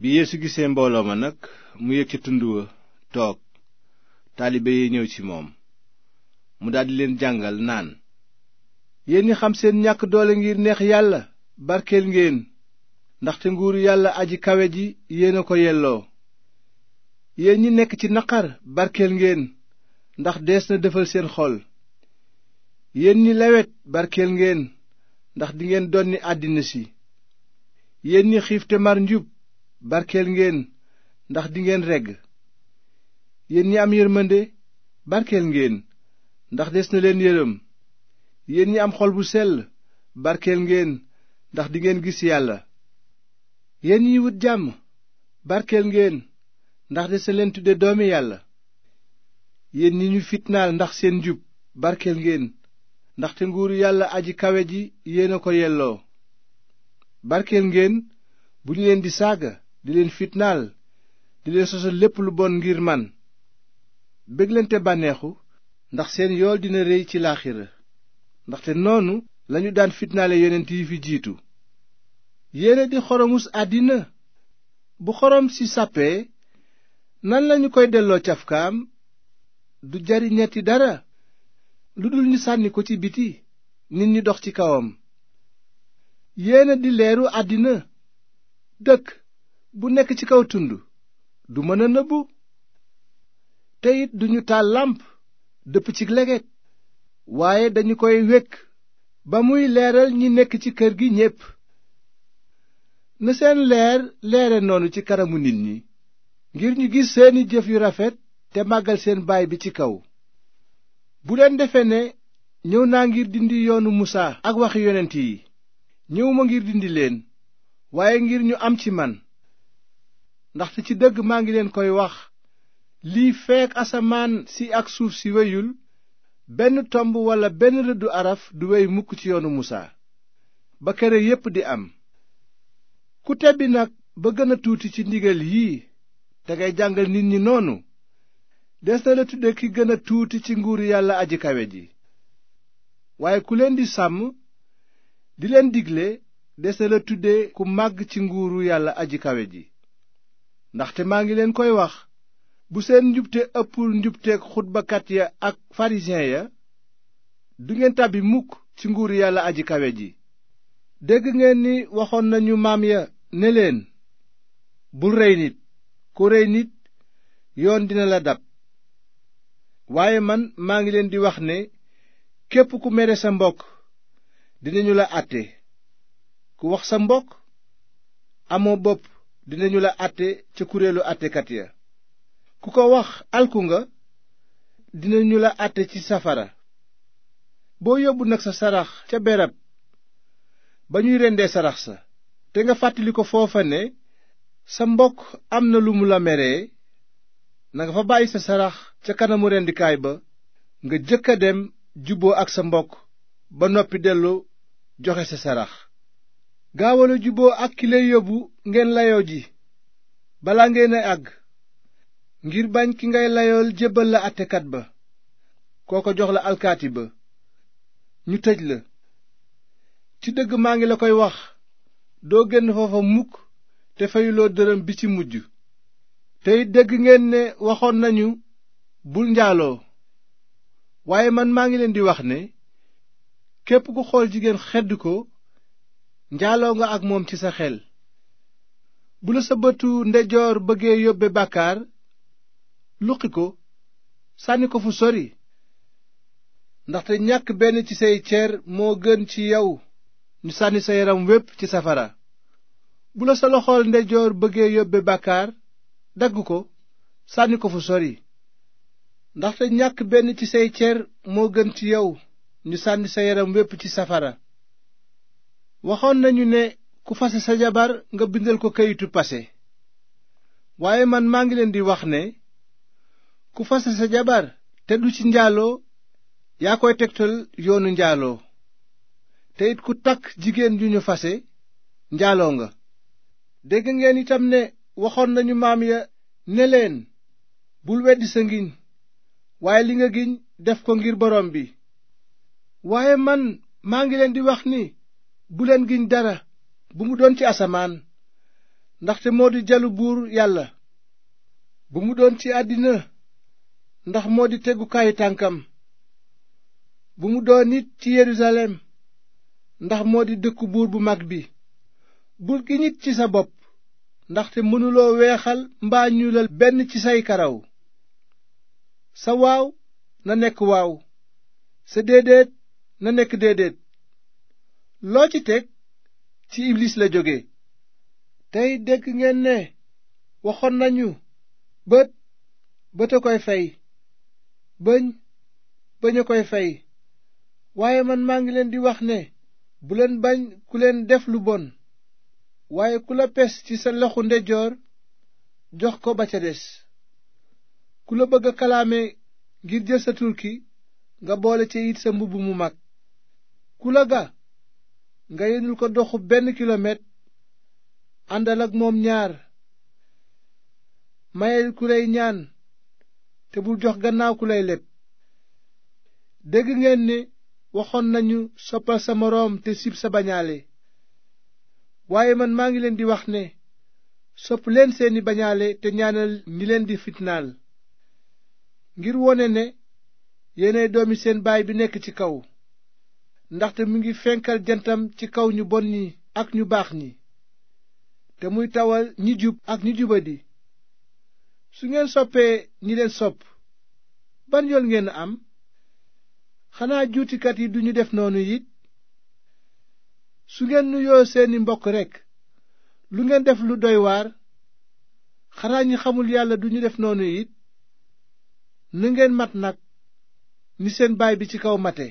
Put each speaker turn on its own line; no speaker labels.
bi yeesu gisee mbooloo ma nag mu yéeg ca tund wa toog taalibe yi ñëw ci moom mu daldi leen jàngal naan yéen ñi xam seen ñàkk doole ngir neex yàlla barkeel ngeen ndaxte nguur yàlla aji kawe ji yéen ko yelloo yéen ñi nekk ci naqar barkeel ngeen ndax dees na defal seen xol yéen ñi lawet barkeel ngeen ndax dingeen donni àddina si yéen ñi xiif te mar barkeel ngeen ndax dingeen regg yén ñi am yërmande barkeel ngeen ndax des na leen yërëm yéen ñi am xol bu sell barkeel ngeen ndax dingeen gis yàlla yén ñi wut jàmm barkeel ngeen ndax des na leen tudde doomi yàlla yéen ñi ñu fitnaal ndax seen njub barkeel ngeen ndaxte nguuru yàlla aji kawe ji yéen a ko yelloo barkeel ngeen bu ñu leen di saaga di leen fitnaal di leen sosal lépp lu bon ngir man bég bànneexu ndax seen yool dina rëy ci laaxira ndaxte noonu lañu daan fitnaale yonent yi fi jiitu yéena di xoromus àddina bu xorom si sàppee nan lañu koy delloo cafkaam du jariñeeti dara lu dul ñu sànni ko ci biti nit ñi dox ci kawam yéena di leeru àddina dëkk bu nekk ci kaw tund du mën a nëbbu te duñu taal làmp dëpp ci leget waaye dañu koy wékk ba muy leeral ñi nekk ci kër gi ñépp na seen leer leere noonu ci kanamu nit ñi ngir ñu gis seeni jëf yu rafet te màggal seen baay bi ci kaw bu leen defee ne ñëw naa ngir dindi yoonu musaa ak wax yonent yi ñëwuma ngir dindi leen waaye ngir ñu am ci man ndaxte ci dëgg maa ngi leen koy wax lii feek asamaan si ak suuf si weyul benn tomb walla benn rëddu araf du wey mukk ci yoonu musaa ba kere yépp di am ku tebbi nag ba gën a tuuti ci ndigal yii dangay jàngal nit ñi noonu des na la tudde ki gën a tuuti ci nguuru yàlla aji kawe ji waaye ku leen di sàmm di leen digle des na la tudde ku màgg ci nguuru yàlla aji kawe ji ndaxte maa ngi leen koy wax bu seen njubte ëppul njubteeg xutbakat ya ak farisiyen ya du ngeen tàbbi mukk ci nguur yàlla aji kawe ji dégg ngeen ni waxoon nañu maam ya ne leen bul rey nit ku rey nit yoon dina la dab waaye man maa ngi leen di wax ne képp ku mere sa mbokk dinañu la àtte ku wax sa mbokk amoo bopp dinañu la àtte ca kuréelu àttekat ya ku ko wax alku nga dinañu la àtte ci safara boo yóbbu nag sa sarax ca berab ba ñuy rendee sarax sa te nga fàttali ko foofa ne sa mbokk am na lu mu la meree nanga fa bàyyi sa sarax ca kanamu rendikaay ba nga jëkk a dem jubboo ak sa mbokk ba noppi dellu joxe sa sarax gaawala juboo ak ki lay yóbbu ngeen layo ji bala ngeen a àgg ngir bañ ki ngay layool jébbal la àttekat ba koo ko jox la alkaati ba ñu tëj la ci dëgg maa ngi la koy wax doo génn foofa mukk te fayuloo dërëm bi ci mujj tey dégg ngeen ne waxoon nañu bul njaaloo waaye man maa ngi leen di wax ne képp ku xool jigéen xedd ko njaaloo nga ak moom ci sa xel bu la sa bëtu ndeyjoor bëggee yóbbe bàkkaar luqi ko sànni ko fu sori ndaxte ñàkk benn ci say ceer moo gën ci yow ñu sànni sa yaram wépp ci safara bu la sa loxool ndeyjoor bëggee yóbbe bàkkaar dagg ko sànni ko fu sori ndaxte ñàkk benn ci say ceer moo gën ci yow ñu sànni sa yaram wépp ci safara waxoon nañu ne ku fase sa jabar nga bindal ko kayitu pase waaye man maa ngi leen di wax ne ku fase sa jabar te du ci njaaloo yaa koy tegtal yoonu njaaloo te it ku takk jigéen ju ñu fase njaaloo nga dégg ngeen itam ne waxoon nañu maam ya ne leen bul weddi sa ngiñ waaye li nga giñ def ko ngir borom bi waaye man maa ngi leen di wax ni bu leen giñ dara bu mu doon ci asamaan ndaxte moo di jalu buur yàlla bu mu doon ci àddina ndax moo di teggukaayu tànkam bu mu doon it ci Yerusalem ndax moo di dëkku buur bu mag bi bul gi nit ci sa bopp ndaxte mënuloo weexal mbaa ñuulal benn ci say karaw sa waaw na nekk waaw sa déedéet na nekk déedéet loo ci teg ci iblis la jóge tey dégg ngeen ne waxoon nañu bët bët a koy fay bëñ bëñ a koy fay waaye man maa ngi leen di wax ne bu leen bañ ku leen def lu bon waaye ku la pes ci sa loxo ndeyjoor jox ko ba ca des ku la bëgg a kalaame ngir jël sa turki nga boole ci it sa mbubb mu mag ku la ga nga yenul ko doxu benn kilomètre àndal ak moom ñaar mayel ku lay ñaan te bul jox gannaaw ku lay leb dégg ngeen ne waxoon nañu soppal sa moroom te sib sa bañaale waaye man maa ngi leen di wax ne sopp leen seeni bañaale te ñaanal ñi leen di fitnaal ngir wone ne yéenay doomi seen baay bi nekk ci kaw ndaxte mu ngi fenkal jantam ci kaw ñu bon ñi ak ñu baax ñi te muy tawal ñi jub ak ñi jubadi su ngeen soppee ñi leen sopp ban yoon ngeen am xanaa juutikat yi duñu def noonu it su ngeen nuyoo seeni mbokk rekk lu ngeen def lu doy waar xanaa ñi xamul yàlla duñu def noonu it na ngeen mat nag ni seen baay bi ci kaw mate